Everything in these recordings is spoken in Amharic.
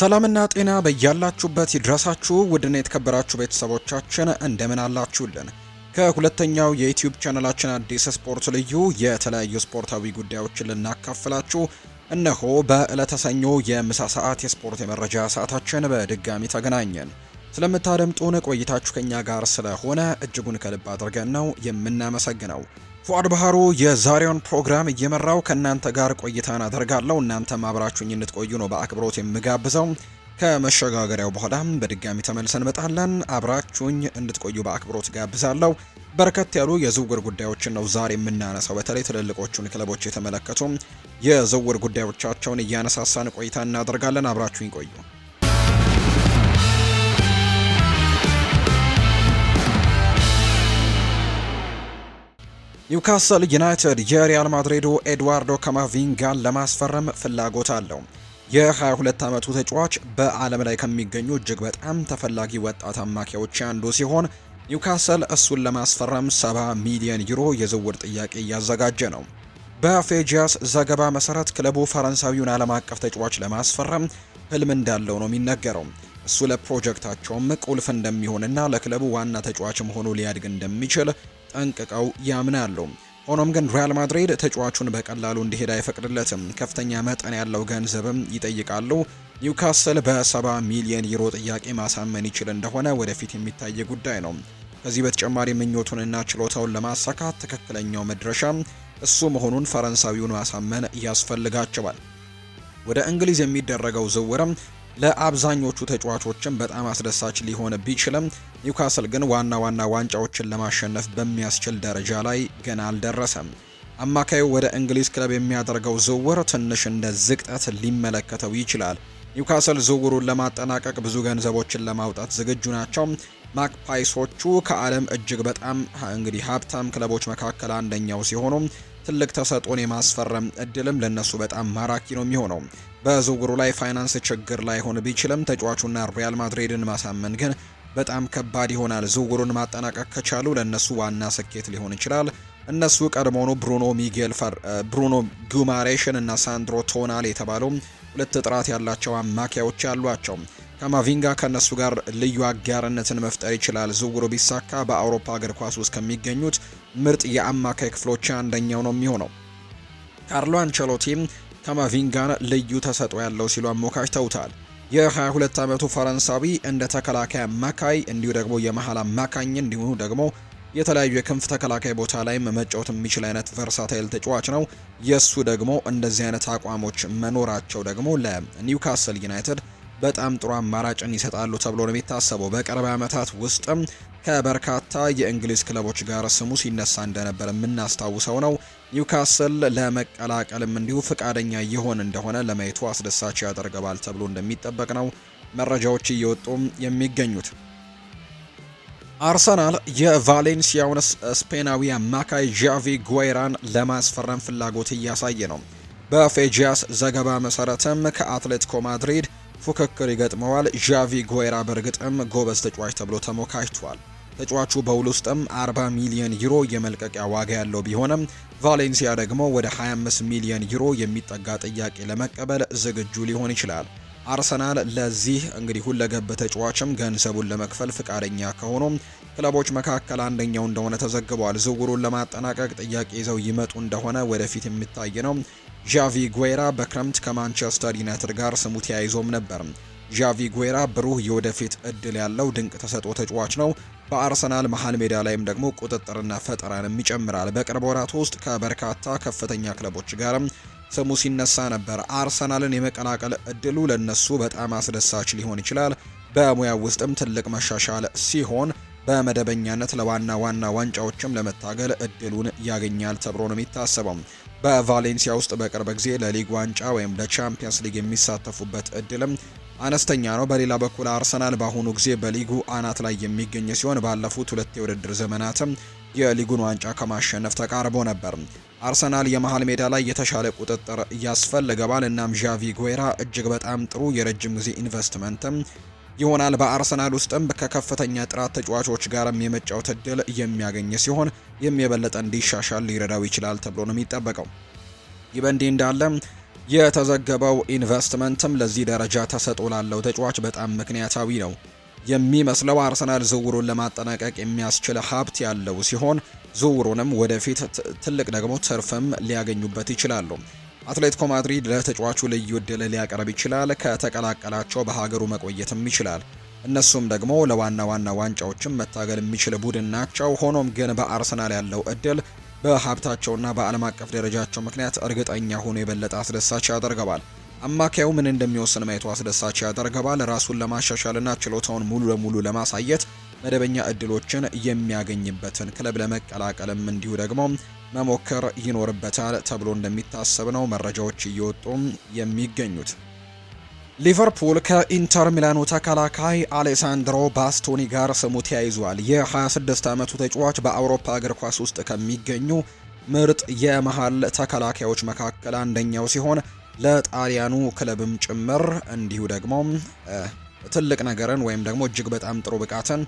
ሰላምና ጤና በያላችሁበት ይድረሳችሁ ውድና የተከበራችሁ ቤተሰቦቻችን እንደምን አላችሁልን? ከሁለተኛው የዩትዩብ ቻነላችን አዲስ ስፖርት ልዩ የተለያዩ ስፖርታዊ ጉዳዮችን ልናካፍላችሁ እነሆ በዕለተ ሰኞ የምሳ ሰዓት የስፖርት የመረጃ ሰዓታችን በድጋሚ ተገናኘን። ስለምታደምጡን ቆይታችሁ ከኛ ጋር ስለሆነ እጅጉን ከልብ አድርገን ነው የምናመሰግነው። ፉአድ ባህሩ የዛሬውን ፕሮግራም እየመራው ከእናንተ ጋር ቆይታን አደርጋለሁ። እናንተም አብራችሁኝ እንድትቆዩ ነው በአክብሮት የምጋብዘው። ከመሸጋገሪያው በኋላ በድጋሚ ተመልሰን እንመጣለን። አብራችሁኝ እንድትቆዩ በአክብሮት ጋብዛለሁ። በርከት ያሉ የዝውውር ጉዳዮችን ነው ዛሬ የምናነሳው። በተለይ ትልልቆቹን ክለቦች የተመለከቱ የዝውውር ጉዳዮቻቸውን እያነሳሳን ቆይታ እናደርጋለን። አብራችሁኝ ቆዩ። ኒውካስል ዩናይትድ የሪያል ማድሪዱ ኤድዋርዶ ካማቪንጋን ለማስፈረም ፍላጎት አለው። የ22 ዓመቱ ተጫዋች በዓለም ላይ ከሚገኙ እጅግ በጣም ተፈላጊ ወጣት አማካዮች አንዱ ሲሆን ኒውካስል እሱን ለማስፈረም 70 ሚሊዮን ዩሮ የዝውውር ጥያቄ እያዘጋጀ ነው። በፌጂያስ ዘገባ መሰረት ክለቡ ፈረንሳዊውን ዓለም አቀፍ ተጫዋች ለማስፈረም ህልም እንዳለው ነው የሚነገረው። እሱ ለፕሮጀክታቸውም ቁልፍ እንደሚሆንና ለክለቡ ዋና ተጫዋች መሆኑ ሊያድግ እንደሚችል ጠንቅቀው ያምናሉ። ሆኖም ግን ሪያል ማድሪድ ተጫዋቹን በቀላሉ እንዲሄድ አይፈቅድለትም። ከፍተኛ መጠን ያለው ገንዘብም ይጠይቃሉ። ኒውካስል በ70 ሚሊዮን ዩሮ ጥያቄ ማሳመን ይችል እንደሆነ ወደፊት የሚታይ ጉዳይ ነው። ከዚህ በተጨማሪ ምኞቱንና ችሎታውን ለማሳካት ትክክለኛው መድረሻ እሱ መሆኑን ፈረንሳዊውን ማሳመን ያስፈልጋቸዋል። ወደ እንግሊዝ የሚደረገው ዝውውርም ለአብዛኞቹ ተጫዋቾችም በጣም አስደሳች ሊሆን ቢችልም ኒውካስል ግን ዋና ዋና ዋንጫዎችን ለማሸነፍ በሚያስችል ደረጃ ላይ ገና አልደረሰም። አማካዩ ወደ እንግሊዝ ክለብ የሚያደርገው ዝውውር ትንሽ እንደ ዝቅጠት ሊመለከተው ይችላል። ኒውካስል ዝውውሩን ለማጠናቀቅ ብዙ ገንዘቦችን ለማውጣት ዝግጁ ናቸው። ማክፓይሶቹ ከዓለም እጅግ በጣም እንግዲህ ሀብታም ክለቦች መካከል አንደኛው ሲሆኑ ትልቅ ተሰጥኦን የማስፈረም እድልም ለነሱ በጣም ማራኪ ነው የሚሆነው። በዝውውሩ ላይ ፋይናንስ ችግር ላይሆን ቢችልም ተጫዋቹና ሪያል ማድሪድን ማሳመን ግን በጣም ከባድ ይሆናል። ዝውውሩን ማጠናቀቅ ከቻሉ ለእነሱ ዋና ስኬት ሊሆን ይችላል። እነሱ ቀድሞውኑ ብሩኖ ሚጌል ብሩኖ ጉማሬሽን እና ሳንድሮ ቶናል የተባሉ ሁለት ጥራት ያላቸው አማካዮች አሏቸው። ካማቪንጋ ከእነሱ ጋር ልዩ አጋርነትን መፍጠር ይችላል። ዝውውሩ ቢሳካ በአውሮፓ እግር ኳስ ውስጥ ከሚገኙት ምርጥ የአማካይ ክፍሎች አንደኛው ነው የሚሆነው። ካርሎ አንቸሎቲ ከማቪንጋን ልዩ ተሰጥኦ ያለው ሲሉ አሞካሽተውታል። የ22 ዓመቱ ፈረንሳዊ እንደ ተከላካይ አማካይ እንዲሁ ደግሞ የመሃል አማካኝ እንዲሆኑ ደግሞ የተለያዩ የክንፍ ተከላካይ ቦታ ላይም መጫወት የሚችል አይነት ቨርሳታይል ተጫዋች ነው። የእሱ ደግሞ እንደዚህ አይነት አቋሞች መኖራቸው ደግሞ ለኒውካስል ዩናይትድ በጣም ጥሩ አማራጭን ይሰጣሉ ተብሎ ነው የሚታሰበው። በቅርብ ዓመታት ውስጥም ከበርካታ የእንግሊዝ ክለቦች ጋር ስሙ ሲነሳ እንደነበር የምናስታውሰው ነው። ኒውካስል ለመቀላቀልም እንዲሁ ፈቃደኛ ይሆን እንደሆነ ለማየቱ አስደሳች ያደርገዋል ተብሎ እንደሚጠበቅ ነው መረጃዎች እየወጡ የሚገኙት። አርሰናል የቫሌንሲያውን ስፔናዊ አማካይ ዣቪ ጉዌራን ለማስፈረም ፍላጎት እያሳየ ነው። በፌጂያስ ዘገባ መሰረትም ከአትሌቲኮ ማድሪድ ፉክክር ይገጥመዋል። ዣቪ ጉዌራ በእርግጥም ጎበዝ ተጫዋች ተብሎ ተሞካጅቷል። ተጫዋቹ በውል ውስጥም 40 ሚሊዮን ዩሮ የመልቀቂያ ዋጋ ያለው ቢሆንም ቫሌንሲያ ደግሞ ወደ 25 ሚሊዮን ዩሮ የሚጠጋ ጥያቄ ለመቀበል ዝግጁ ሊሆን ይችላል። አርሰናል ለዚህ እንግዲህ ሁለገብ ተጫዋችም ገንዘቡን ለመክፈል ፍቃደኛ ከሆኑ ክለቦች መካከል አንደኛው እንደሆነ ተዘግቧል። ዝውውሩን ለማጠናቀቅ ጥያቄ ይዘው ይመጡ እንደሆነ ወደፊት የሚታይ ነው። ዣቪ ጉዌራ በክረምት ከማንቸስተር ዩናይትድ ጋር ስሙ ተያይዞም ነበር። ዣቪ ጉዌራ ብሩህ የወደፊት እድል ያለው ድንቅ ተሰጥኦ ተጫዋች ነው። በአርሰናል መሀል ሜዳ ላይም ደግሞ ቁጥጥርና ፈጠራንም ይጨምራል። በቅርብ ወራት ውስጥ ከበርካታ ከፍተኛ ክለቦች ጋርም ስሙ ሲነሳ ነበር። አርሰናልን የመቀላቀል እድሉ ለነሱ በጣም አስደሳች ሊሆን ይችላል። በሙያው ውስጥም ትልቅ መሻሻል ሲሆን በመደበኛነት ለዋና ዋና ዋንጫዎችም ለመታገል እድሉን ያገኛል ተብሎ ነው የሚታሰበው። በቫሌንሲያ ውስጥ በቅርብ ጊዜ ለሊግ ዋንጫ ወይም ለቻምፒየንስ ሊግ የሚሳተፉበት እድልም አነስተኛ ነው። በሌላ በኩል አርሰናል በአሁኑ ጊዜ በሊጉ አናት ላይ የሚገኝ ሲሆን ባለፉት ሁለት የውድድር ዘመናትም የሊጉን ዋንጫ ከማሸነፍ ተቃርቦ ነበር። አርሰናል የመሃል ሜዳ ላይ የተሻለ ቁጥጥር ያስፈልገዋል። እናም ዣቪ ጉዌራ እጅግ በጣም ጥሩ የረጅም ጊዜ ኢንቨስትመንትም ይሆናል። በአርሰናል ውስጥም ከከፍተኛ ጥራት ተጫዋቾች ጋርም የመጫወት እድል የሚያገኝ ሲሆን የበለጠ እንዲሻሻል ሊረዳው ይችላል ተብሎ ነው የሚጠበቀው። ይህ በእንዲህ የተዘገበው ኢንቨስትመንትም ለዚህ ደረጃ ተሰጥኦ ላለው ተጫዋች በጣም ምክንያታዊ ነው የሚመስለው አርሰናል ዝውውሩን ለማጠናቀቅ የሚያስችል ሀብት ያለው ሲሆን ዝውውሩንም ወደፊት ትልቅ ደግሞ ትርፍም ሊያገኙበት ይችላሉ። አትሌቲኮ ማድሪድ ለተጫዋቹ ልዩ እድል ሊያቀርብ ይችላል። ከተቀላቀላቸው በሀገሩ መቆየትም ይችላል። እነሱም ደግሞ ለዋና ዋና ዋንጫዎችም መታገል የሚችል ቡድን ናቸው። ሆኖም ግን በአርሰናል ያለው እድል በሀብታቸውና በዓለም አቀፍ ደረጃቸው ምክንያት እርግጠኛ ሆኖ የበለጠ አስደሳች ያደርገዋል። አማካዩ ምን እንደሚወስን ማየቱ አስደሳች ያደርገዋል። ራሱን ለማሻሻልና ችሎታውን ሙሉ ለሙሉ ለማሳየት መደበኛ እድሎችን የሚያገኝበትን ክለብ ለመቀላቀልም እንዲሁ ደግሞ መሞከር ይኖርበታል ተብሎ እንደሚታሰብ ነው መረጃዎች እየወጡ የሚገኙት። ሊቨርፑል ከኢንተር ሚላኑ ተከላካይ አሌሳንድሮ ባስቶኒ ጋር ስሙ ተያይዟል። የ26 ዓመቱ ተጫዋች በአውሮፓ እግር ኳስ ውስጥ ከሚገኙ ምርጥ የመሃል ተከላካዮች መካከል አንደኛው ሲሆን ለጣሊያኑ ክለብም ጭምር እንዲሁ ደግሞ ትልቅ ነገርን ወይም ደግሞ እጅግ በጣም ጥሩ ብቃትን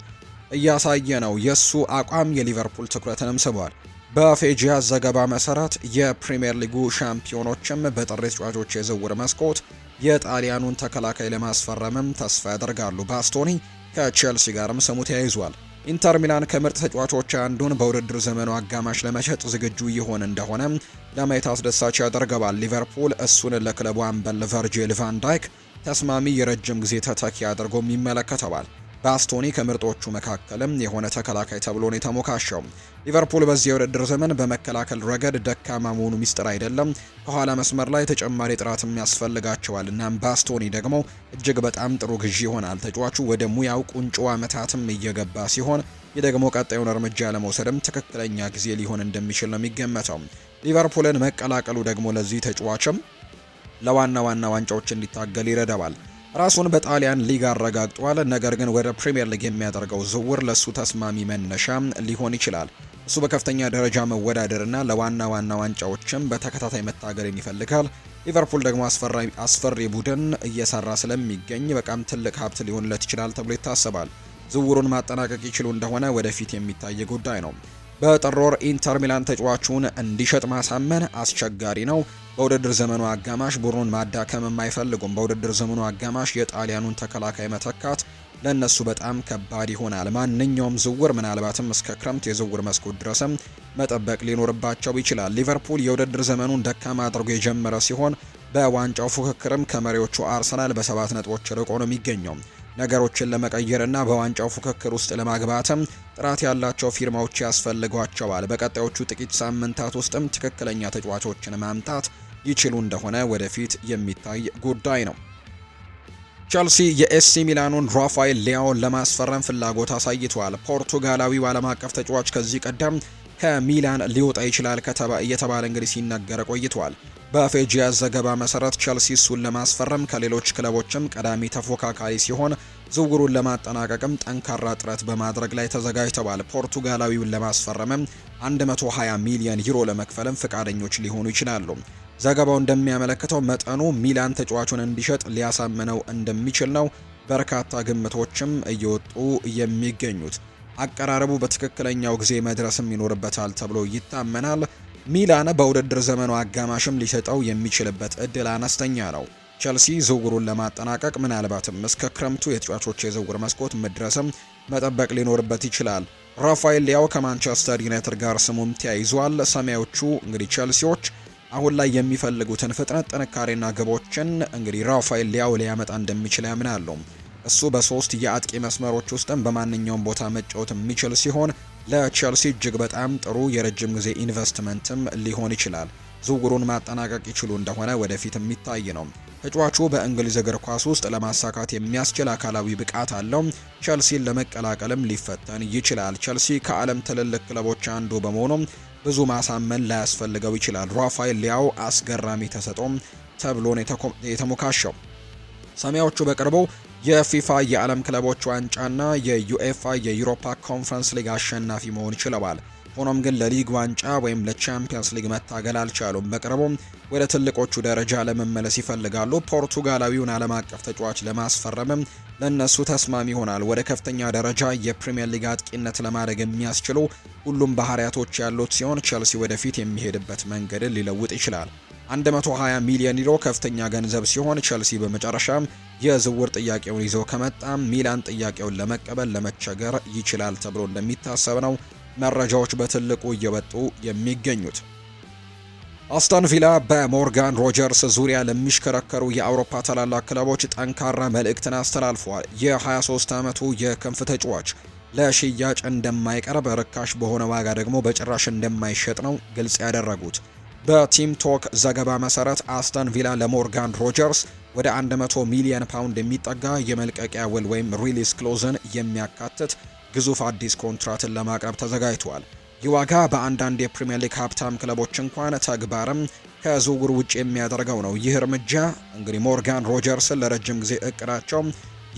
እያሳየ ነው። የእሱ አቋም የሊቨርፑል ትኩረትንም ስቧል። በፌጂያ ዘገባ መሰረት የፕሪምየር ሊጉ ሻምፒዮኖችም በጥሬ ተጫዋቾች የዝውውር መስኮት የጣሊያኑን ተከላካይ ለማስፈረምም ተስፋ ያደርጋሉ። ባስቶኒ ከቼልሲ ጋርም ስሙ ተያይዟል። ኢንተር ሚላን ከምርጥ ተጫዋቾች አንዱን በውድድር ዘመኑ አጋማሽ ለመሸጥ ዝግጁ ይሆን እንደሆነ ለማየት አስደሳች ያደርገዋል። ሊቨርፑል እሱን ለክለቡ አምበል ቨርጂል ቫን ዳይክ ተስማሚ የረጅም ጊዜ ተተኪ አድርጎም ይመለከተዋል። ባስቶኒ ከምርጦቹ መካከልም የሆነ ተከላካይ ተብሎ ነው የተሞካሸው። ሊቨርፑል በዚህ የውድድር ዘመን በመከላከል ረገድ ደካማ መሆኑ ሚስጥር አይደለም። ከኋላ መስመር ላይ ተጨማሪ ጥራትም ያስፈልጋቸዋል። እናም ባስቶኒ ደግሞ እጅግ በጣም ጥሩ ግዢ ይሆናል። ተጫዋቹ ወደ ሙያው ቁንጮ ዓመታትም እየገባ ሲሆን፣ ይህ ደግሞ ቀጣዩን እርምጃ ለመውሰድም ትክክለኛ ጊዜ ሊሆን እንደሚችል ነው የሚገመተው። ሊቨርፑልን መቀላቀሉ ደግሞ ለዚህ ተጫዋችም ለዋና ዋና ዋንጫዎች እንዲታገል ይረዳዋል። ራሱን በጣሊያን ሊግ አረጋግጧል። ነገር ግን ወደ ፕሪምየር ሊግ የሚያደርገው ዝውውር ለእሱ ተስማሚ መነሻ ሊሆን ይችላል። እሱ በከፍተኛ ደረጃ መወዳደርና ለዋና ዋና ዋንጫዎችም በተከታታይ መታገልን ይፈልጋል። ሊቨርፑል ደግሞ አስፈሪ ቡድን እየሰራ ስለሚገኝ በጣም ትልቅ ሀብት ሊሆንለት ይችላል ተብሎ ይታሰባል። ዝውውሩን ማጠናቀቅ ይችሉ እንደሆነ ወደፊት የሚታይ ጉዳይ ነው። በጥር ወር ኢንተር ሚላን ተጫዋቹን እንዲሸጥ ማሳመን አስቸጋሪ ነው። በውድድር ዘመኑ አጋማሽ ቡድኑን ማዳከም አይፈልጉም። በውድድር ዘመኑ አጋማሽ የጣሊያኑን ተከላካይ መተካት ለእነሱ በጣም ከባድ ይሆናል። ማንኛውም ዝውውር ምናልባትም እስከ ክረምት የዝውውር መስኮት ድረስም መጠበቅ ሊኖርባቸው ይችላል። ሊቨርፑል የውድድር ዘመኑን ደካማ አድርጎ የጀመረ ሲሆን በዋንጫው ፉክክርም ከመሪዎቹ አርሰናል በሰባት ነጥቦች ርቆ ነው የሚገኘው። ነገሮችን ለመቀየርና በዋንጫው ፉክክር ውስጥ ለማግባትም ጥራት ያላቸው ፊርማዎች ያስፈልጓቸዋል። በቀጣዮቹ ጥቂት ሳምንታት ውስጥም ትክክለኛ ተጫዋቾችን ማምጣት ይችሉ እንደሆነ ወደፊት የሚታይ ጉዳይ ነው። ቸልሲ የኤሲ ሚላኑን ራፋኤል ሊያውን ለማስፈረም ፍላጎት አሳይቷል። ፖርቱጋላዊው ዓለም አቀፍ ተጫዋች ከዚህ ቀደም ከሚላን ሊወጣ ይችላል እየተባለ እንግዲህ ሲነገር ቆይቷል። በፌጂያ ዘገባ መሰረት ቸልሲ እሱን ለማስፈረም ከሌሎች ክለቦችም ቀዳሚ ተፎካካሪ ሲሆን ዝውውሩን ለማጠናቀቅም ጠንካራ ጥረት በማድረግ ላይ ተዘጋጅተዋል። ፖርቱጋላዊውን ለማስፈረምም 120 ሚሊዮን ዩሮ ለመክፈልም ፈቃደኞች ሊሆኑ ይችላሉ። ዘገባው እንደሚያመለክተው መጠኑ ሚላን ተጫዋቹን እንዲሸጥ ሊያሳምነው እንደሚችል ነው። በርካታ ግምቶችም እየወጡ የሚገኙት አቀራረቡ በትክክለኛው ጊዜ መድረስም ይኖርበታል ተብሎ ይታመናል። ሚላን በውድድር ዘመኑ አጋማሽም ሊሰጠው የሚችልበት እድል አነስተኛ ነው። ቸልሲ ዝውውሩን ለማጠናቀቅ ምናልባትም እስከ ክረምቱ የተጫዋቾች የዝውውር መስኮት መድረስም መጠበቅ ሊኖርበት ይችላል። ራፋኤል ሊያው ከማንቸስተር ዩናይትድ ጋር ስሙም ተያይዟል። ሰማዮቹ እንግዲህ ቸልሲዎች አሁን ላይ የሚፈልጉትን ፍጥነት፣ ጥንካሬና ግቦችን እንግዲህ ራፋኤል ሊያው ሊያመጣ እንደሚችል ያምናሉ። እሱ በሶስት የአጥቂ መስመሮች ውስጥም በማንኛውም ቦታ መጫወት የሚችል ሲሆን ለቸልሲ እጅግ በጣም ጥሩ የረጅም ጊዜ ኢንቨስትመንትም ሊሆን ይችላል። ዝውውሩን ማጠናቀቅ ይችሉ እንደሆነ ወደፊት የሚታይ ነው። ተጫዋቹ በእንግሊዝ እግር ኳስ ውስጥ ለማሳካት የሚያስችል አካላዊ ብቃት አለው። ቸልሲን ለመቀላቀልም ሊፈተን ይችላል። ቸልሲ ከዓለም ትልልቅ ክለቦች አንዱ በመሆኑ ብዙ ማሳመን ላያስፈልገው ይችላል። ራፋኤል ሊያው አስገራሚ ተሰጦም ተብሎ የተሞካሸው። ሰማያዎቹ በቅርቡ የፊፋ የዓለም ክለቦች ዋንጫና የዩኤፋ የዩሮፓ ኮንፈረንስ ሊግ አሸናፊ መሆን ችለዋል። ሆኖም ግን ለሊግ ዋንጫ ወይም ለቻምፒየንስ ሊግ መታገል አልቻሉም። በቅርቡም ወደ ትልቆቹ ደረጃ ለመመለስ ይፈልጋሉ። ፖርቱጋላዊውን ዓለም አቀፍ ተጫዋች ለማስፈረምም ለእነሱ ተስማሚ ይሆናል። ወደ ከፍተኛ ደረጃ የፕሪምየር ሊግ አጥቂነት ለማድረግ የሚያስችሉ ሁሉም ባህሪያቶች ያሉት ሲሆን ቼልሲ ወደፊት የሚሄድበት መንገድን ሊለውጥ ይችላል። 120 ሚሊዮን ዩሮ ከፍተኛ ገንዘብ ሲሆን ቸልሲ በመጨረሻም የዝውውር ጥያቄውን ይዞ ከመጣም ሚላን ጥያቄውን ለመቀበል ለመቸገር ይችላል ተብሎ እንደሚታሰብ ነው መረጃዎች በትልቁ እየወጡ የሚገኙት። አስተን ቪላ በሞርጋን ሮጀርስ ዙሪያ ለሚሽከረከሩ የአውሮፓ ታላላቅ ክለቦች ጠንካራ መልእክትን አስተላልፏል። የ23 ዓመቱ የክንፍ ተጫዋች ለሽያጭ እንደማይቀርብ ርካሽ በሆነ ዋጋ ደግሞ በጭራሽ እንደማይሸጥ ነው ግልጽ ያደረጉት። በቲም ቶክ ዘገባ መሰረት አስተን ቪላ ለሞርጋን ሮጀርስ ወደ 100 ሚሊዮን ፓውንድ የሚጠጋ የመልቀቂያ ውል ወይም ሪሊስ ክሎዝን የሚያካትት ግዙፍ አዲስ ኮንትራትን ለማቅረብ ተዘጋጅቷል። ይህ ዋጋ በአንዳንድ የፕሪምየር ሊግ ሀብታም ክለቦች እንኳን ተግባርም ከዝውውር ውጭ የሚያደርገው ነው። ይህ እርምጃ እንግዲህ ሞርጋን ሮጀርስን ለረጅም ጊዜ እቅዳቸው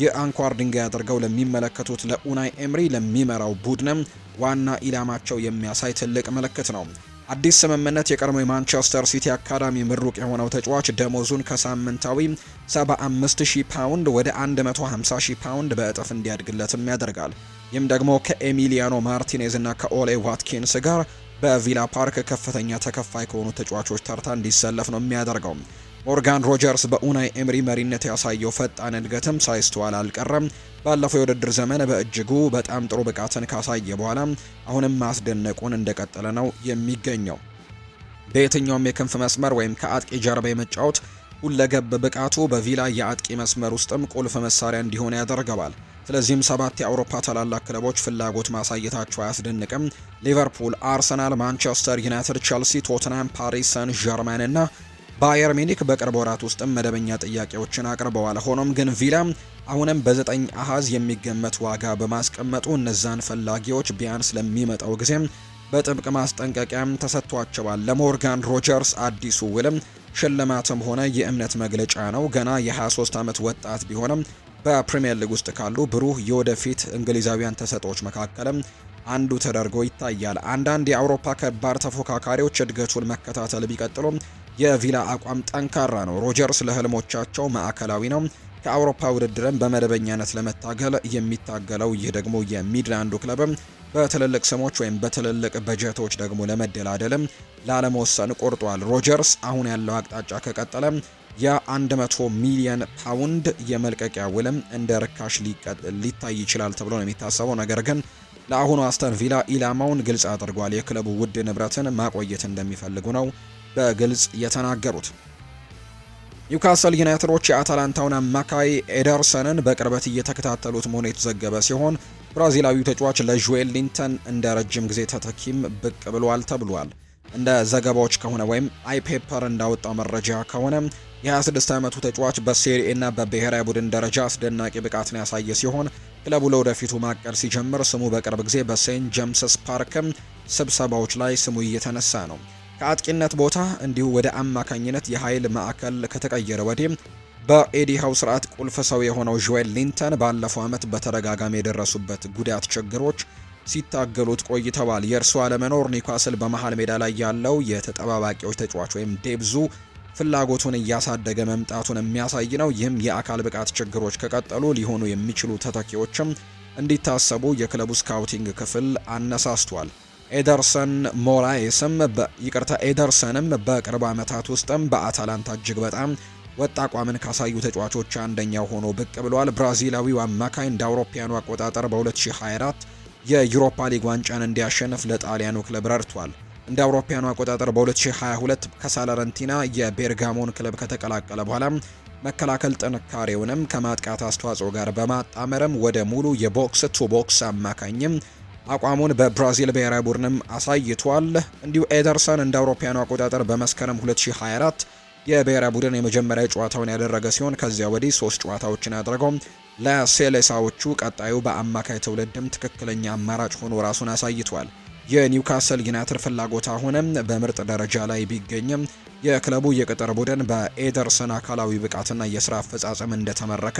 የአንኳር ድንጋይ አድርገው ለሚመለከቱት ለኡናይ ኤምሪ ለሚመራው ቡድንም ዋና ኢላማቸው የሚያሳይ ትልቅ ምልክት ነው። አዲስ ስምምነት የቀድሞ የማንቸስተር ሲቲ አካዳሚ ምሩቅ የሆነው ተጫዋች ደሞዙን ከሳምንታዊ 75000 ፓውንድ ወደ 150000 ፓውንድ በእጥፍ እንዲያድግለትም ያደርጋል። ይህም ደግሞ ከኤሚሊያኖ ማርቲኔዝ እና ከኦሌ ዋትኪንስ ጋር በቪላ ፓርክ ከፍተኛ ተከፋይ ከሆኑ ተጫዋቾች ተርታ እንዲሰለፍ ነው የሚያደርገው። ሞርጋን ሮጀርስ በኡናይ ኤምሪ መሪነት ያሳየው ፈጣን እድገትም ሳይስተዋል አልቀረም። ባለፈው የውድድር ዘመን በእጅጉ በጣም ጥሩ ብቃትን ካሳየ በኋላ አሁንም ማስደነቁን እንደቀጠለ ነው የሚገኘው። በየትኛውም የክንፍ መስመር ወይም ከአጥቂ ጀርባ የመጫወት ሁለገብ ብቃቱ በቪላ የአጥቂ መስመር ውስጥም ቁልፍ መሳሪያ እንዲሆን ያደርገዋል። ስለዚህም ሰባት የአውሮፓ ታላላቅ ክለቦች ፍላጎት ማሳየታቸው አያስደንቅም። ሊቨርፑል፣ አርሰናል፣ ማንቸስተር ዩናይትድ፣ ቸልሲ፣ ቶትናም፣ ፓሪስ ሰን ዠርማን እና ባየር ሚኒክ በቅርብ ወራት ውስጥም መደበኛ ጥያቄዎችን አቅርበዋል። ሆኖም ግን ቪላ አሁንም በዘጠኝ አሃዝ የሚገመት ዋጋ በማስቀመጡ እነዛን ፈላጊዎች ቢያንስ ለሚመጣው ጊዜ በጥብቅ ማስጠንቀቂያም ተሰጥቷቸዋል። ለሞርጋን ሮጀርስ አዲሱ ውልም ሽልማትም ሆነ የእምነት መግለጫ ነው። ገና የ23 ዓመት ወጣት ቢሆንም በፕሪምየር ሊግ ውስጥ ካሉ ብሩህ የወደፊት እንግሊዛዊያን ተሰጦች መካከልም አንዱ ተደርጎ ይታያል። አንዳንድ የአውሮፓ ከባድ ተፎካካሪዎች እድገቱን መከታተል ቢቀጥሉም የቪላ አቋም ጠንካራ ነው። ሮጀርስ ለህልሞቻቸው ማዕከላዊ ነው። ከአውሮፓ ውድድርም በመደበኛነት ለመታገል የሚታገለው ይህ ደግሞ የሚድላንዱ ክለብም በትልልቅ ስሞች ወይም በትልልቅ በጀቶች ደግሞ ለመደላደልም ላለመወሰን ቆርጧል። ሮጀርስ አሁን ያለው አቅጣጫ ከቀጠለ የ100 ሚሊየን ፓውንድ የመልቀቂያ ውልም እንደ ርካሽ ሊታይ ይችላል ተብሎ ነው የሚታሰበው። ነገር ግን ለአሁኑ አስተን ቪላ ኢላማውን ግልጽ አድርጓል። የክለቡ ውድ ንብረትን ማቆየት እንደሚፈልጉ ነው በግልጽ የተናገሩት። ኒውካስል ዩናይትዶች የአታላንታውን አማካይ ኤደርሰንን በቅርበት እየተከታተሉት መሆኑ የተዘገበ ሲሆን ብራዚላዊው ተጫዋች ለዡዌል ሊንተን እንደ ረጅም ጊዜ ተተኪም ብቅ ብሏል ተብሏል። እንደ ዘገባዎች ከሆነ ወይም አይፔፐር እንዳወጣው መረጃ ከሆነ የ26 ዓመቱ ተጫዋች በሴሪኤ እና በብሔራዊ ቡድን ደረጃ አስደናቂ ብቃትን ያሳየ ሲሆን ክለቡ ለወደፊቱ ማቀድ ሲጀምር ስሙ በቅርብ ጊዜ በሴንት ጀምስስ ፓርክም ስብሰባዎች ላይ ስሙ እየተነሳ ነው። ከአጥቂነት ቦታ እንዲሁ ወደ አማካኝነት የኃይል ማዕከል ከተቀየረ ወዲህ በኤዲሃው ስርዓት ቁልፍ ሰው የሆነው ዥዌል ሊንተን ባለፈው ዓመት በተደጋጋሚ የደረሱበት ጉዳት ችግሮች ሲታገሉት ቆይተዋል። የእርሱ አለመኖር ኒኳስል በመሃል ሜዳ ላይ ያለው የተጠባባቂዎች ተጫዋች ወይም ዴብዙ ፍላጎቱን እያሳደገ መምጣቱን የሚያሳይ ነው። ይህም የአካል ብቃት ችግሮች ከቀጠሉ ሊሆኑ የሚችሉ ተተኪዎችም እንዲታሰቡ የክለቡ ስካውቲንግ ክፍል አነሳስቷል። ኤደርሰን ሞራይስም ይቅርታ ኤደርሰንም በቅርብ ዓመታት ውስጥም በአታላንታ እጅግ በጣም ወጥ አቋምን ካሳዩ ተጫዋቾች አንደኛው ሆኖ ብቅ ብሏል። ብራዚላዊው አማካይ እንደ አውሮፓያኑ አቆጣጠር በ2024 የዩሮፓ ሊግ ዋንጫን እንዲያሸንፍ ለጣሊያኑ ክለብ ረድቷል። እንደ አውሮፓያኑ አቆጣጠር በ2022 ከሳላረንቲና የቤርጋሞን ክለብ ከተቀላቀለ በኋላ መከላከል ጥንካሬውንም ከማጥቃት አስተዋጽኦ ጋር በማጣመርም ወደ ሙሉ የቦክስ ቱ ቦክስ አማካኝም አቋሙን በብራዚል ብሔራዊ ቡድንም አሳይቷል። እንዲሁ ኤደርሰን እንደ አውሮፓውያኑ አቆጣጠር በመስከረም 2024 የብሔራዊ ቡድን የመጀመሪያ ጨዋታውን ያደረገ ሲሆን ከዚያ ወዲህ ሶስት ጨዋታዎችን አድርገው ለሴሌሳዎቹ ቀጣዩ በአማካይ ትውልድም ትክክለኛ አማራጭ ሆኖ ራሱን አሳይቷል። የኒውካስል ዩናይትድ ፍላጎት አሁንም በምርጥ ደረጃ ላይ ቢገኝም የክለቡ የቅጥር ቡድን በኤደርሰን አካላዊ ብቃትና የስራ አፈጻጸም እንደተመረከ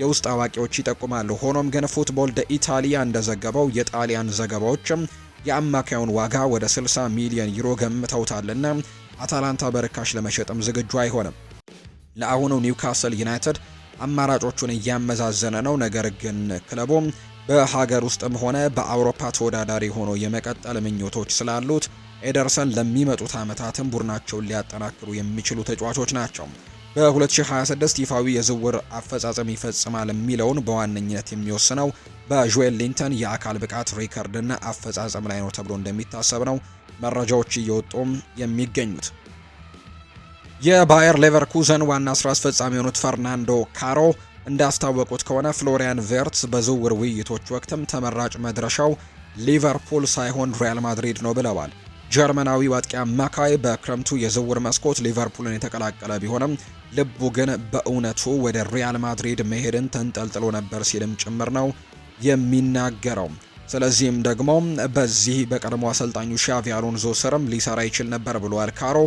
የውስጥ አዋቂዎች ይጠቁማሉ። ሆኖም ግን ፉትቦል ደ ኢታሊያ እንደዘገበው የጣሊያን ዘገባዎችም የአማካዩን ዋጋ ወደ 60 ሚሊዮን ዩሮ ገምተውታልና አታላንታ በርካሽ ለመሸጥም ዝግጁ አይሆንም። ለአሁኑ ኒውካስል ዩናይትድ አማራጮቹን እያመዛዘነ ነው። ነገር ግን ክለቡ በሀገር ውስጥም ሆነ በአውሮፓ ተወዳዳሪ ሆኖ የመቀጠል ምኞቶች ስላሉት ኤደርሰን ለሚመጡት ዓመታትም ቡድናቸውን ሊያጠናክሩ የሚችሉ ተጫዋቾች ናቸው። በ2026 ይፋዊ የዝውውር አፈጻጸም ይፈጽማል የሚለውን በዋነኝነት የሚወስነው በጆኤል ሊንተን የአካል ብቃት ሪከርድና አፈጻጸም ላይ ነው ተብሎ እንደሚታሰብ ነው መረጃዎች እየወጡም የሚገኙት። የባየር ሌቨርኩዘን ዋና ስራ አስፈጻሚ የሆኑት ፈርናንዶ ካሮ እንዳስታወቁት ከሆነ ፍሎሪያን ቬርትስ በዝውውር ውይይቶች ወቅትም ተመራጭ መድረሻው ሊቨርፑል ሳይሆን ሪያል ማድሪድ ነው ብለዋል። ጀርመናዊ አጥቂ አማካይ በክረምቱ የዝውውር መስኮት ሊቨርፑልን የተቀላቀለ ቢሆንም ልቡ ግን በእውነቱ ወደ ሪያል ማድሪድ መሄድን ተንጠልጥሎ ነበር ሲልም ጭምር ነው የሚናገረው። ስለዚህም ደግሞ በዚህ በቀድሞ አሰልጣኙ ሻቪ አሎንዞ ስርም ሊሰራ ይችል ነበር ብሏል። ካሮ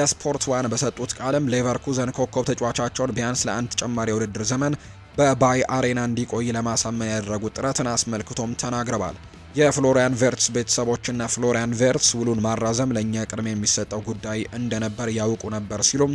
ለስፖርት ዋን በሰጡት ቃልም ሌቨርኩዘን ኮከብ ተጫዋቻቸውን ቢያንስ ለአንድ ተጨማሪ የውድድር ዘመን በባይ አሬና እንዲቆይ ለማሳመን ያደረጉት ጥረትን አስመልክቶም ተናግረዋል። የፍሎሪያን ቨርትስ ቤተሰቦችና ፍሎሪያን ቨርትስ ውሉን ማራዘም ለእኛ ቅድሚያ የሚሰጠው ጉዳይ እንደነበር ያውቁ ነበር ሲሉም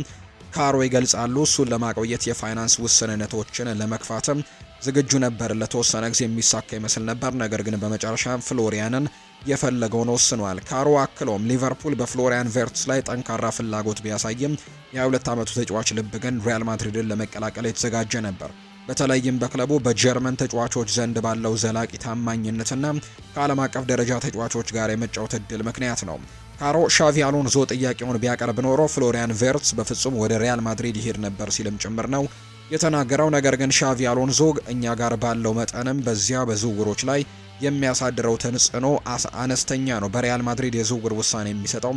ካሮ ይገልጻሉ። እሱን ለማቆየት የፋይናንስ ውስንነቶችን ለመግፋትም ዝግጁ ነበር። ለተወሰነ ጊዜ የሚሳካ ይመስል ነበር፣ ነገር ግን በመጨረሻ ፍሎሪያንን የፈለገውን ወስኗል። ካሮ አክሎም ሊቨርፑል በፍሎሪያን ቨርትስ ላይ ጠንካራ ፍላጎት ቢያሳይም የ22 ዓመቱ ተጫዋች ልብ ግን ሪያል ማድሪድን ለመቀላቀል የተዘጋጀ ነበር። በተለይም በክለቡ በጀርመን ተጫዋቾች ዘንድ ባለው ዘላቂ ታማኝነትና ከዓለም አቀፍ ደረጃ ተጫዋቾች ጋር የመጫወት እድል ምክንያት ነው። ካሮ ሻቪ አሎንዞ ጥያቄውን ቢያቀርብ ኖሮ ፍሎሪያን ቬርትስ በፍጹም ወደ ሪያል ማድሪድ ይሄድ ነበር ሲልም ጭምር ነው የተናገረው። ነገር ግን ሻቪ አሎንዞ እኛ ጋር ባለው መጠንም በዚያ በዝውውሮች ላይ የሚያሳድረው ተጽዕኖ አነስተኛ ነው። በሪያል ማድሪድ የዝውውር ውሳኔ የሚሰጠው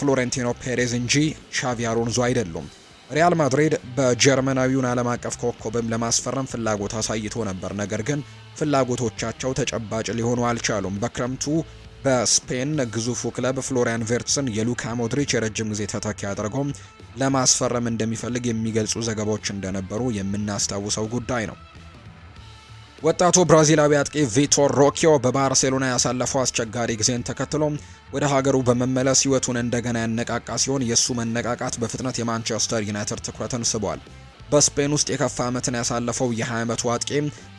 ፍሎሬንቲኖ ፔሬዝ እንጂ ሻቪ አሎንዞ አይደሉም። ሪያል ማድሪድ በጀርመናዊውን ዓለም አቀፍ ኮከብም ለማስፈረም ፍላጎት አሳይቶ ነበር። ነገር ግን ፍላጎቶቻቸው ተጨባጭ ሊሆኑ አልቻሉም። በክረምቱ በስፔን ግዙፉ ክለብ ፍሎሪያን ቬርትስን የሉካ ሞድሪች የረጅም ጊዜ ተተኪ አድርጎ ለማስፈረም እንደሚፈልግ የሚገልጹ ዘገባዎች እንደነበሩ የምናስታውሰው ጉዳይ ነው። ወጣቱ ብራዚላዊ አጥቂ ቪቶር ሮኪዮ በባርሴሎና ያሳለፈው አስቸጋሪ ጊዜን ተከትሎ ወደ ሀገሩ በመመለስ ህይወቱን እንደገና ያነቃቃ ሲሆን የእሱ መነቃቃት በፍጥነት የማንቸስተር ዩናይትድ ትኩረትን ስቧል። በስፔን ውስጥ የከፋ ዓመትን ያሳለፈው የ20 ዓመቱ አጥቂ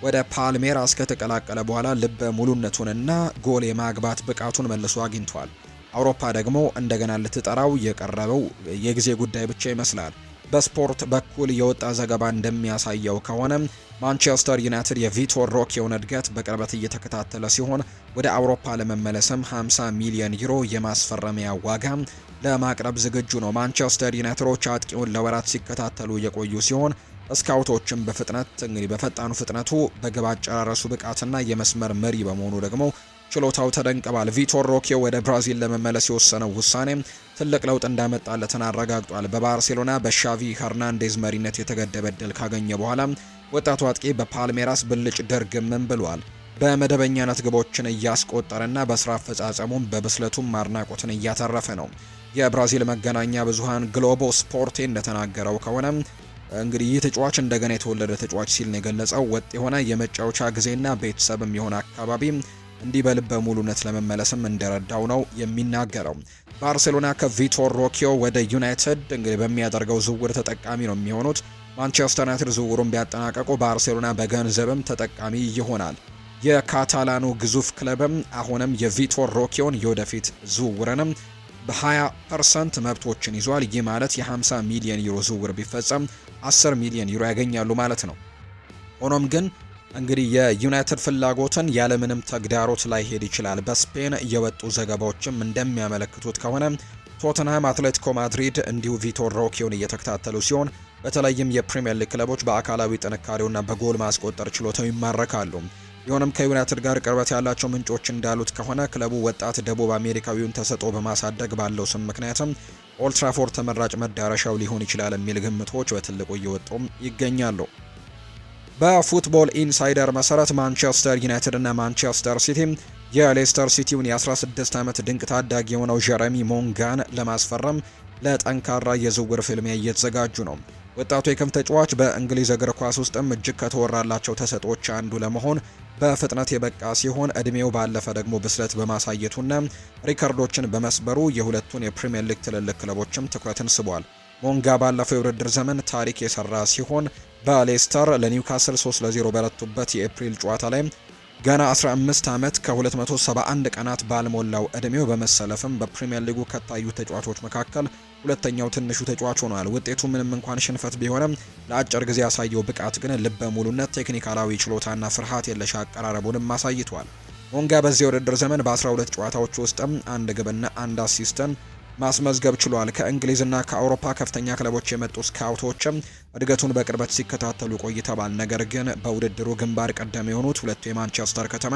ወደ ፓልሜራስ ከተቀላቀለ በኋላ ልበ ሙሉነቱንና ጎል የማግባት ብቃቱን መልሶ አግኝቷል። አውሮፓ ደግሞ እንደገና ልትጠራው የቀረበው የጊዜ ጉዳይ ብቻ ይመስላል። በስፖርት በኩል የወጣ ዘገባ እንደሚያሳየው ከሆነ ማንቸስተር ዩናይትድ የቪቶር ሮኬውን እድገት በቅርበት እየተከታተለ ሲሆን ወደ አውሮፓ ለመመለስም 50 ሚሊዮን ዩሮ የማስፈረሚያ ዋጋ ለማቅረብ ዝግጁ ነው። ማንቸስተር ዩናይትዶች አጥቂውን ለወራት ሲከታተሉ የቆዩ ሲሆን ስካውቶችም በፍጥነት እንግዲህ በፈጣኑ ፍጥነቱ በግብ አጨራረሱ ብቃትና የመስመር መሪ በመሆኑ ደግሞ ችሎታው ተደንቅባል። ቪቶር ሮኬ ወደ ብራዚል ለመመለስ የወሰነው ውሳኔ ትልቅ ለውጥ እንዳመጣለትን አረጋግጧል። በባርሴሎና በሻቪ ሄርናንዴዝ መሪነት የተገደበ ድል ካገኘ በኋላ ወጣቱ አጥቂ በፓልሜራስ ብልጭ ድርግምም ብሏል። በመደበኛነት ግቦችን እያስቆጠረና በስራ አፈጻጸሙም በብስለቱም አድናቆትን እያተረፈ ነው። የብራዚል መገናኛ ብዙሃን ግሎቦ ስፖርቴ እንደተናገረው ከሆነ እንግዲህ ይህ ተጫዋች እንደገና የተወለደ ተጫዋች ሲል ነው የገለጸው። ወጥ የሆነ የመጫወቻ ጊዜና ቤተሰብም የሆነ አካባቢ እንዲህ በልበ ሙሉነት ለመመለስም እንደረዳው ነው የሚናገረው። ባርሴሎና ከቪቶር ሮኪዮ ወደ ዩናይትድ እንግዲህ በሚያደርገው ዝውውር ተጠቃሚ ነው የሚሆኑት። ማንቸስተር ዩናይትድ ዝውውሩን ቢያጠናቀቁ ባርሴሎና በገንዘብም ተጠቃሚ ይሆናል። የካታላኑ ግዙፍ ክለብም አሁንም የቪቶር ሮኪዮን የወደፊት ዝውውርንም በ20 ፐርሰንት መብቶችን ይዟል። ይህ ማለት የ50 ሚሊዮን ዩሮ ዝውውር ቢፈጸም 10 ሚሊዮን ዩሮ ያገኛሉ ማለት ነው። ሆኖም ግን እንግዲህ የዩናይትድ ፍላጎትን ያለምንም ተግዳሮት ላይ ሄድ ይችላል። በስፔን የወጡ ዘገባዎችም እንደሚያመለክቱት ከሆነ ቶተንሃም አትሌቲኮ ማድሪድ እንዲሁ ቪቶር ሮኪውን እየተከታተሉ ሲሆን በተለይም የፕሪምየር ሊግ ክለቦች በአካላዊ ጥንካሬውና በጎል ማስቆጠር ችሎታው ይማረካሉ። ቢሆንም ከዩናይትድ ጋር ቅርበት ያላቸው ምንጮች እንዳሉት ከሆነ ክለቡ ወጣት ደቡብ አሜሪካዊውን ተሰጥኦ በማሳደግ ባለው ስም ምክንያትም ኦልትራፎርድ ተመራጭ መዳረሻው ሊሆን ይችላል የሚል ግምቶች በትልቁ እየወጡም ይገኛሉ። በፉትቦል ኢንሳይደር መሰረት ማንቸስተር ዩናይትድ እና ማንቸስተር ሲቲ የሌስተር ሲቲውን የ16 ዓመት ድንቅ ታዳጊ የሆነው ጀረሚ ሞንጋን ለማስፈረም ለጠንካራ የዝውውር ፍልሚያ እየተዘጋጁ ነው። ወጣቱ የክንፍ ተጫዋች በእንግሊዝ እግር ኳስ ውስጥም እጅግ ከተወራላቸው ተሰጦች አንዱ ለመሆን በፍጥነት የበቃ ሲሆን እድሜው ባለፈ ደግሞ ብስለት በማሳየቱና ሪከርዶችን በመስበሩ የሁለቱን የፕሪምየር ሊግ ትልልቅ ክለቦችም ትኩረትን ስቧል። ሞንጋ ባለፈው የውድድር ዘመን ታሪክ የሰራ ሲሆን በሌስተር ለኒውካስል 3 ለ0 በረቱበት የኤፕሪል ጨዋታ ላይ ገና 15 ዓመት ከ271 ቀናት ባልሞላው ዕድሜው በመሰለፍም በፕሪምየር ሊጉ ከታዩ ተጫዋቾች መካከል ሁለተኛው ትንሹ ተጫዋች ሆኗል። ውጤቱ ምንም እንኳን ሽንፈት ቢሆንም ለአጭር ጊዜ ያሳየው ብቃት ግን ልበ ሙሉነት፣ ቴክኒካላዊ ችሎታና ፍርሃት የለሽ አቀራረቡንም አሳይቷል። ሞንጋ በዚህ የውድድር ዘመን በ12 ጨዋታዎች ውስጥም አንድ ግብና አንድ አሲስተን ማስመዝገብ ችሏል። ከእንግሊዝና ከአውሮፓ ከፍተኛ ክለቦች የመጡ ስካውቶችም እድገቱን በቅርበት ሲከታተሉ ቆይተዋል። ነገር ግን በውድድሩ ግንባር ቀደም የሆኑት ሁለቱ የማንቸስተር ከተማ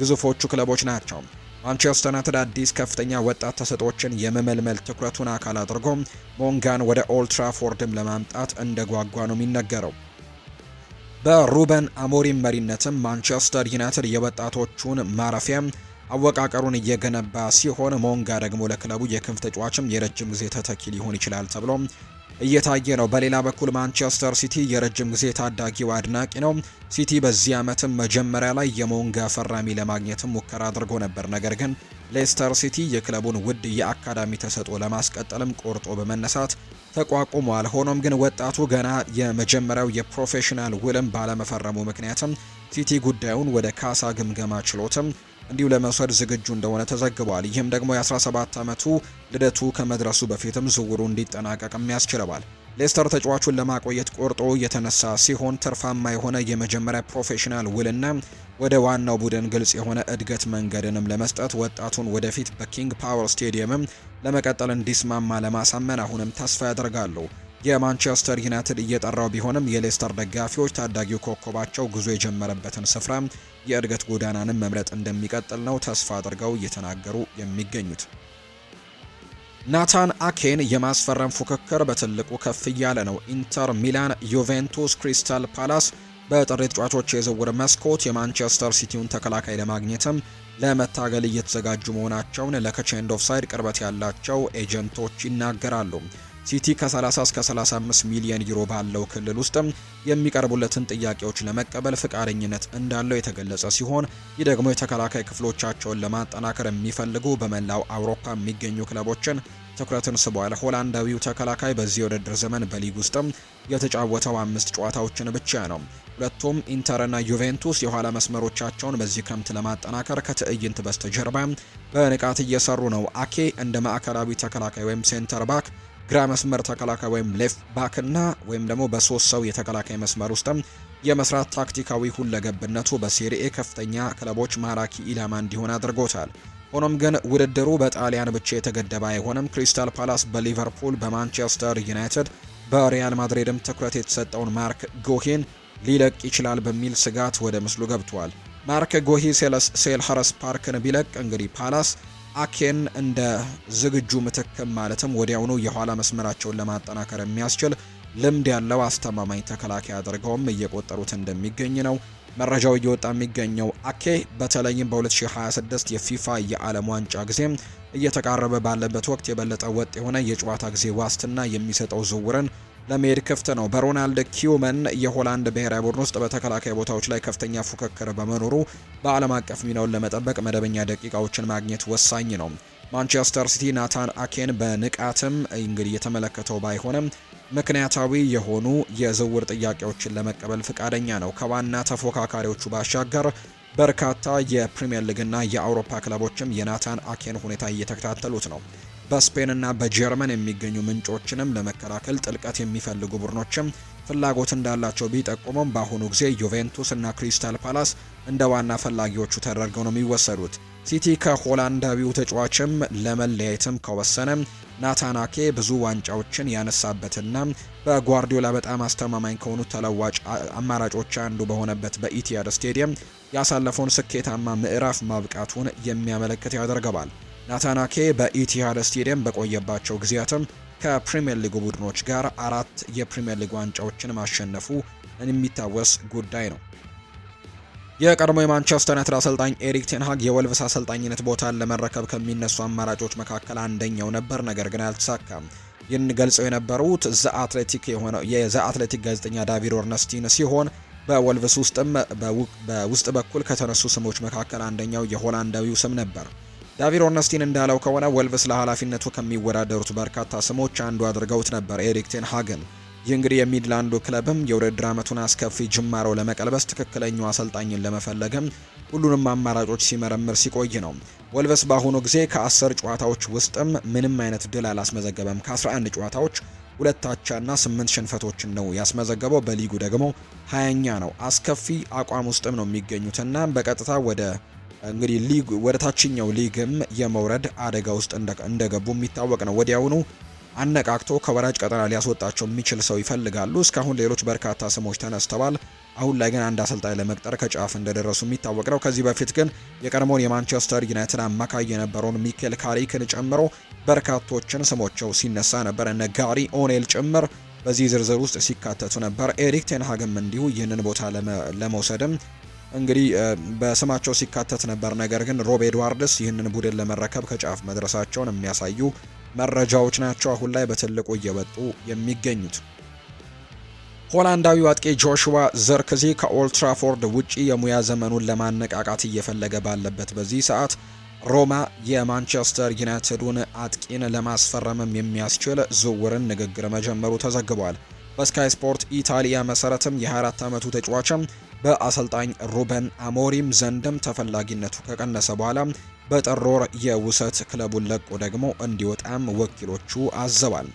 ግዙፎቹ ክለቦች ናቸው። ማንቸስተር ዩናይትድ አዲስ ከፍተኛ ወጣት ተሰጦችን የመመልመል ትኩረቱን አካል አድርጎ ሞንጋን ወደ ኦልትራፎርድም ለማምጣት እንደጓጓ ነው የሚነገረው። በሩበን አሞሪም መሪነትም ማንቸስተር ዩናይትድ የወጣቶቹን ማረፊያ አወቃቀሩን እየገነባ ሲሆን ሞንጋ ደግሞ ለክለቡ የክንፍ ተጫዋችም የረጅም ጊዜ ተተኪ ሊሆን ይችላል ተብሎ እየታየ ነው። በሌላ በኩል ማንቸስተር ሲቲ የረጅም ጊዜ ታዳጊው አድናቂ ነው። ሲቲ በዚህ ዓመትም መጀመሪያ ላይ የሞንጋ ፈራሚ ለማግኘትም ሙከራ አድርጎ ነበር። ነገር ግን ሌስተር ሲቲ የክለቡን ውድ የአካዳሚ ተሰጥኦ ለማስቀጠልም ቆርጦ በመነሳት ተቋቁሟል። ሆኖም ግን ወጣቱ ገና የመጀመሪያው የፕሮፌሽናል ውልም ባለመፈረሙ ምክንያትም ሲቲ ጉዳዩን ወደ ካሳ ግምገማ ችሎትም እንዲሁ ለመውሰድ ዝግጁ እንደሆነ ተዘግቧል። ይህም ደግሞ የ17 ዓመቱ ልደቱ ከመድረሱ በፊትም ዝውውሩ እንዲጠናቀቅም ያስችለዋል። ሌስተር ተጫዋቹን ለማቆየት ቆርጦ የተነሳ ሲሆን ትርፋማ የሆነ የመጀመሪያ ፕሮፌሽናል ውልና ወደ ዋናው ቡድን ግልጽ የሆነ እድገት መንገድንም ለመስጠት ወጣቱን ወደፊት በኪንግ ፓወር ስቴዲየምም ለመቀጠል እንዲስማማ ለማሳመን አሁንም ተስፋ ያደርጋሉ። የማንቸስተር ዩናይትድ እየጠራው ቢሆንም የሌስተር ደጋፊዎች ታዳጊው ኮከባቸው ጉዞ የጀመረበትን ስፍራ የእድገት ጎዳናንም መምረጥ እንደሚቀጥል ነው ተስፋ አድርገው እየተናገሩ የሚገኙት። ናታን አኬን የማስፈረም ፉክክር በትልቁ ከፍ እያለ ነው። ኢንተር ሚላን፣ ዩቬንቱስ፣ ክሪስታል ፓላስ በጥሪ ተጫዋቾች የዝውውር መስኮት የማንቸስተር ሲቲውን ተከላካይ ለማግኘትም ለመታገል እየተዘጋጁ መሆናቸውን ለከቼንድ ሳይድ ቅርበት ያላቸው ኤጀንቶች ይናገራሉ። ሲቲ ከ30 እስከ 35 ሚሊዮን ዩሮ ባለው ክልል ውስጥም የሚቀርቡለትን ጥያቄዎች ለመቀበል ፍቃደኝነት እንዳለው የተገለጸ ሲሆን ይህ ደግሞ የተከላካይ ክፍሎቻቸውን ለማጠናከር የሚፈልጉ በመላው አውሮፓ የሚገኙ ክለቦችን ትኩረትን ስቧል። ሆላንዳዊው ተከላካይ በዚህ የውድድር ዘመን በሊግ ውስጥም የተጫወተው አምስት ጨዋታዎችን ብቻ ነው። ሁለቱም ኢንተርና ዩቬንቱስ የኋላ መስመሮቻቸውን በዚህ ክረምት ለማጠናከር ከትዕይንት በስተጀርባ በንቃት እየሰሩ ነው። አኬ እንደ ማዕከላዊ ተከላካይ ወይም ሴንተር ባክ ግራ መስመር ተከላካይ ወይም ሌፍት ባክ እና ወይም ደግሞ በሶስት ሰው የተከላካይ መስመር ውስጥም የመስራት ታክቲካዊ ሁለገብነቱ በሴሪኤ ከፍተኛ ክለቦች ማራኪ ኢላማ እንዲሆን አድርጎታል። ሆኖም ግን ውድድሩ በጣሊያን ብቻ የተገደበ አይሆንም። ክሪስታል ፓላስ በሊቨርፑል፣ በማንቸስተር ዩናይትድ፣ በሪያል ማድሪድም ትኩረት የተሰጠውን ማርክ ጎሂን ሊለቅ ይችላል በሚል ስጋት ወደ ምስሉ ገብቷል። ማርክ ጎሂ ሴልኸርስት ፓርክን ቢለቅ እንግዲህ ፓላስ አኬን እንደ ዝግጁ ምትክም ማለትም ወዲያውኑ የኋላ መስመራቸውን ለማጠናከር የሚያስችል ልምድ ያለው አስተማማኝ ተከላካይ አድርገውም እየቆጠሩት እንደሚገኝ ነው መረጃው እየወጣ የሚገኘው። አኬ በተለይም በ2026 የፊፋ የዓለም ዋንጫ ጊዜም እየተቃረበ ባለበት ወቅት የበለጠ ወጥ የሆነ የጨዋታ ጊዜ ዋስትና የሚሰጠው ዝውውርን ለመሄድ ክፍት ነው። በሮናልድ ኪውመን የሆላንድ ብሔራዊ ቡድን ውስጥ በተከላካይ ቦታዎች ላይ ከፍተኛ ፉክክር በመኖሩ በዓለም አቀፍ ሚናውን ለመጠበቅ መደበኛ ደቂቃዎችን ማግኘት ወሳኝ ነው። ማንቸስተር ሲቲ ናታን አኬን በንቃትም እንግዲህ የተመለከተው ባይሆንም ምክንያታዊ የሆኑ የዝውውር ጥያቄዎችን ለመቀበል ፈቃደኛ ነው። ከዋና ተፎካካሪዎቹ ባሻገር በርካታ የፕሪምየር ሊግና የአውሮፓ ክለቦችም የናታን አኬን ሁኔታ እየተከታተሉት ነው። በስፔንና በጀርመን የሚገኙ ምንጮችንም ለመከላከል ጥልቀት የሚፈልጉ ቡድኖችም ፍላጎት እንዳላቸው ቢጠቁሙም በአሁኑ ጊዜ ዩቬንቱስ እና ክሪስታል ፓላስ እንደ ዋና ፈላጊዎቹ ተደርገው ነው የሚወሰዱት። ሲቲ ከሆላንዳዊው ተጫዋችም ለመለያየትም ከወሰነ ናታናኬ ብዙ ዋንጫዎችን ያነሳበትና በጓርዲዮላ በጣም አስተማማኝ ከሆኑ ተለዋጭ አማራጮች አንዱ በሆነበት በኢቲያድ ስቴዲየም ያሳለፈውን ስኬታማ ምዕራፍ ማብቃቱን የሚያመለክት ያደርገዋል። ናታናኬ በኢቲሃድ ስቴዲየም በቆየባቸው ጊዜያትም ከፕሪምየር ሊጉ ቡድኖች ጋር አራት የፕሪምየር ሊግ ዋንጫዎችን ማሸነፉ የሚታወስ ጉዳይ ነው። የቀድሞ የማንቸስተር ዩናይትድ አሰልጣኝ ኤሪክ ቴንሃግ የወልቭስ አሰልጣኝነት ቦታን ለመረከብ ከሚነሱ አማራጮች መካከል አንደኛው ነበር፣ ነገር ግን አልተሳካም። ይህን ገልጸው የነበሩት የዘ አትሌቲክ ጋዜጠኛ ዳቪድ ኦርነስቲን ሲሆን በወልቭስ ውስጥም በውስጥ በኩል ከተነሱ ስሞች መካከል አንደኛው የሆላንዳዊው ስም ነበር። ዳቪድ ኦርነስቲን እንዳለው ከሆነ ወልቭስ ለኃላፊነቱ ከሚወዳደሩት በርካታ ስሞች አንዱ አድርገውት ነበር ኤሪክ ቴን ሃግን። ይህ እንግዲህ የሚድላንዱ ክለብም የውድድር ዓመቱን አስከፊ ጅማሮ ለመቀልበስ ትክክለኛው አሰልጣኝን ለመፈለግም ሁሉንም አማራጮች ሲመረምር ሲቆይ ነው። ወልቨስ በአሁኑ ጊዜ ከአስር ጨዋታዎች ውስጥም ምንም አይነት ድል አላስመዘገበም። ከ11 ጨዋታዎች ሁለት አቻና ስምንት ሽንፈቶችን ነው ያስመዘገበው። በሊጉ ደግሞ ሀያኛ ነው። አስከፊ አቋም ውስጥም ነው የሚገኙትና በቀጥታ ወደ እንግዲህ ሊግ ወደ ታችኛው ሊግም የመውረድ አደጋ ውስጥ እንደገቡ የሚታወቅ ነው። ወዲያውኑ አነቃቅቶ ከወራጅ ቀጠና ሊያስወጣቸው የሚችል ሰው ይፈልጋሉ። እስካሁን ሌሎች በርካታ ስሞች ተነስተዋል። አሁን ላይ ግን አንድ አሰልጣኝ ለመቅጠር ከጫፍ እንደደረሱ የሚታወቅ ነው። ከዚህ በፊት ግን የቀድሞውን የማንቸስተር ዩናይትድ አማካይ የነበረውን ሚኬል ካሪክን ጨምሮ በርካቶችን ስሞቸው ሲነሳ ነበር። እነ ጋሪ ኦኔል ጭምር በዚህ ዝርዝር ውስጥ ሲካተቱ ነበር። ኤሪክ ቴንሃግም እንዲሁ ይህንን ቦታ ለመውሰድም እንግዲህ በስማቸው ሲካተት ነበር። ነገር ግን ሮብ ኤድዋርድስ ይህንን ቡድን ለመረከብ ከጫፍ መድረሳቸውን የሚያሳዩ መረጃዎች ናቸው አሁን ላይ በትልቁ እየወጡ የሚገኙት። ሆላንዳዊው አጥቂ ጆሹዋ ዘርክዚ ከኦልትራፎርድ ውጪ የሙያ ዘመኑን ለማነቃቃት እየፈለገ ባለበት በዚህ ሰዓት ሮማ የማንቸስተር ዩናይትዱን አጥቂን ለማስፈረምም የሚያስችል ዝውውርን ንግግር መጀመሩ ተዘግቧል። በስካይ ስፖርት ኢታሊያ መሰረትም የ24 ዓመቱ ተጫዋችም በአሰልጣኝ ሩበን አሞሪም ዘንድም ተፈላጊነቱ ከቀነሰ በኋላ በጥር የውሰት ክለቡን ለቆ ደግሞ እንዲወጣም ወኪሎቹ አዘዋል።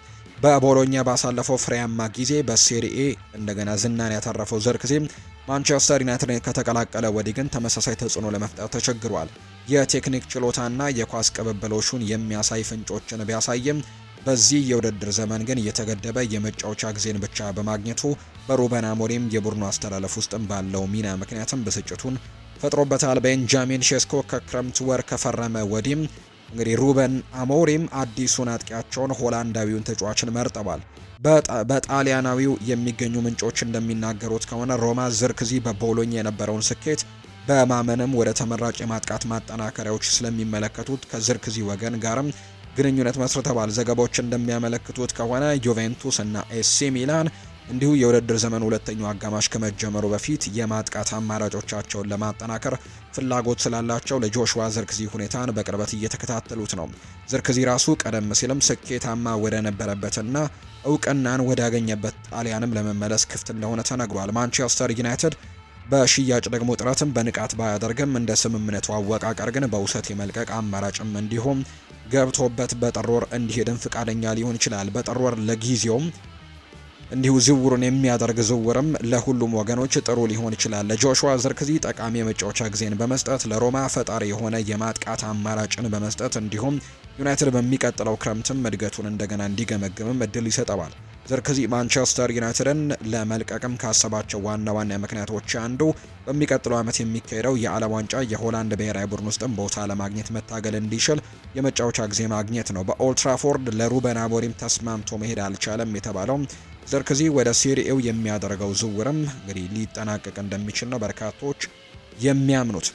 በቦሎኛ ባሳለፈው ፍሬያማ ጊዜ በሴሪኤ እንደገና ዝናን ያተረፈው ዘርክዜ ማንቸስተር ዩናይትድን ከተቀላቀለ ወዲህ ግን ተመሳሳይ ተጽዕኖ ለመፍጠር ተቸግሯል። የቴክኒክ ችሎታና የኳስ ቅብብሎሹን የሚያሳይ ፍንጮችን ቢያሳይም በዚህ የውድድር ዘመን ግን እየተገደበ የመጫወቻ ጊዜን ብቻ በማግኘቱ በሩበን አሞሪም የቡድኑ አስተላለፍ ውስጥም ባለው ሚና ምክንያትም ብስጭቱን ፈጥሮበታል። ቤንጃሚን ሼስኮ ከክረምት ወር ከፈረመ ወዲህም እንግዲህ ሩበን አሞሪም አዲሱን አጥቂያቸውን ሆላንዳዊውን ተጫዋችን መርጠዋል። በጣሊያናዊው የሚገኙ ምንጮች እንደሚናገሩት ከሆነ ሮማ ዝርክዚ በቦሎኛ የነበረውን ስኬት በማመንም ወደ ተመራጭ የማጥቃት ማጠናከሪያዎች ስለሚመለከቱት ከዝርክዚ ወገን ጋርም ግንኙነት መስርተዋል። ዘገባዎች እንደሚያመለክቱት ከሆነ ዩቬንቱስ እና ኤሲ ሚላን እንዲሁ የውድድር ዘመን ሁለተኛው አጋማሽ ከመጀመሩ በፊት የማጥቃት አማራጮቻቸውን ለማጠናከር ፍላጎት ስላላቸው ለጆሹዋ ዝርክዚ ሁኔታን በቅርበት እየተከታተሉት ነው። ዝርክዚ ራሱ ቀደም ሲልም ስኬታማ ወደ ነበረበትና እውቅናን ወዳገኘበት ጣሊያንም ለመመለስ ክፍት እንደሆነ ተነግሯል። ማንቸስተር ዩናይትድ በሽያጭ ደግሞ ጥረትም በንቃት ባያደርግም እንደ ስምምነቱ አወቃቀር ግን በውሰት የመልቀቅ አማራጭም እንዲሁም ገብቶበት በጥር ወር እንዲሄድም ፍቃደኛ ሊሆን ይችላል። በጥር ወር ለጊዜውም እንዲሁ ዝውውሩን የሚያደርግ ዝውውርም ለሁሉም ወገኖች ጥሩ ሊሆን ይችላል። ለጆሹዋ ዝርክዚ ጠቃሚ የመጫወቻ ጊዜን በመስጠት ለሮማ ፈጣሪ የሆነ የማጥቃት አማራጭን በመስጠት እንዲሁም ዩናይትድ በሚቀጥለው ክረምትም እድገቱን እንደገና እንዲገመግምም እድል ይሰጠዋል። ዝርክዚ ማንቸስተር ዩናይትድን ለመልቀቅም ካሰባቸው ዋና ዋና ምክንያቶች አንዱ በሚቀጥለው ዓመት የሚካሄደው የዓለም ዋንጫ የሆላንድ ብሔራዊ ቡድን ውስጥም ቦታ ለማግኘት መታገል እንዲችል የመጫወቻ ጊዜ ማግኘት ነው። በኦልትራፎርድ ለሩበን አሞሪም ተስማምቶ መሄድ አልቻለም የተባለው ዘርክዚ ወደ ሴሪኤው የሚያደርገው ዝውውርም እንግዲህ ሊጠናቀቅ እንደሚችል ነው በርካቶች የሚያምኑት።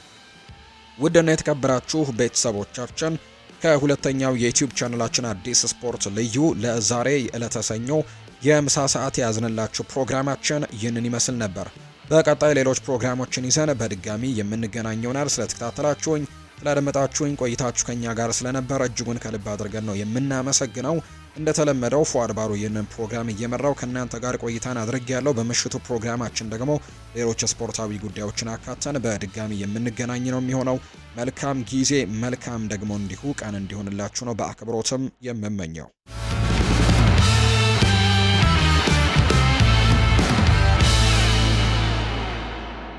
ውድና የተከበራችሁ ቤተሰቦቻችን ከሁለተኛው የዩትዩብ ቻናላችን አዲስ ስፖርት ልዩ ለዛሬ ዕለተ ሰኞ የምሳ ሰዓት የያዝንላችሁ ፕሮግራማችን ይህንን ይመስል ነበር። በቀጣይ ሌሎች ፕሮግራሞችን ይዘን በድጋሚ የምንገናኘውናል። ስለተከታተላችሁኝ፣ ስላደመጣችሁኝ ቆይታችሁ ከኛ ጋር ስለነበር እጅጉን ከልብ አድርገን ነው የምናመሰግነው። እንደተለመደው ፉአድ ባሩ ይህንን ፕሮግራም እየመራው ከእናንተ ጋር ቆይታን አድርግ ያለው። በምሽቱ ፕሮግራማችን ደግሞ ሌሎች ስፖርታዊ ጉዳዮችን አካተን በድጋሚ የምንገናኝ ነው የሚሆነው። መልካም ጊዜ፣ መልካም ደግሞ እንዲሁ ቀን እንዲሆንላችሁ ነው በአክብሮትም የምመኘው።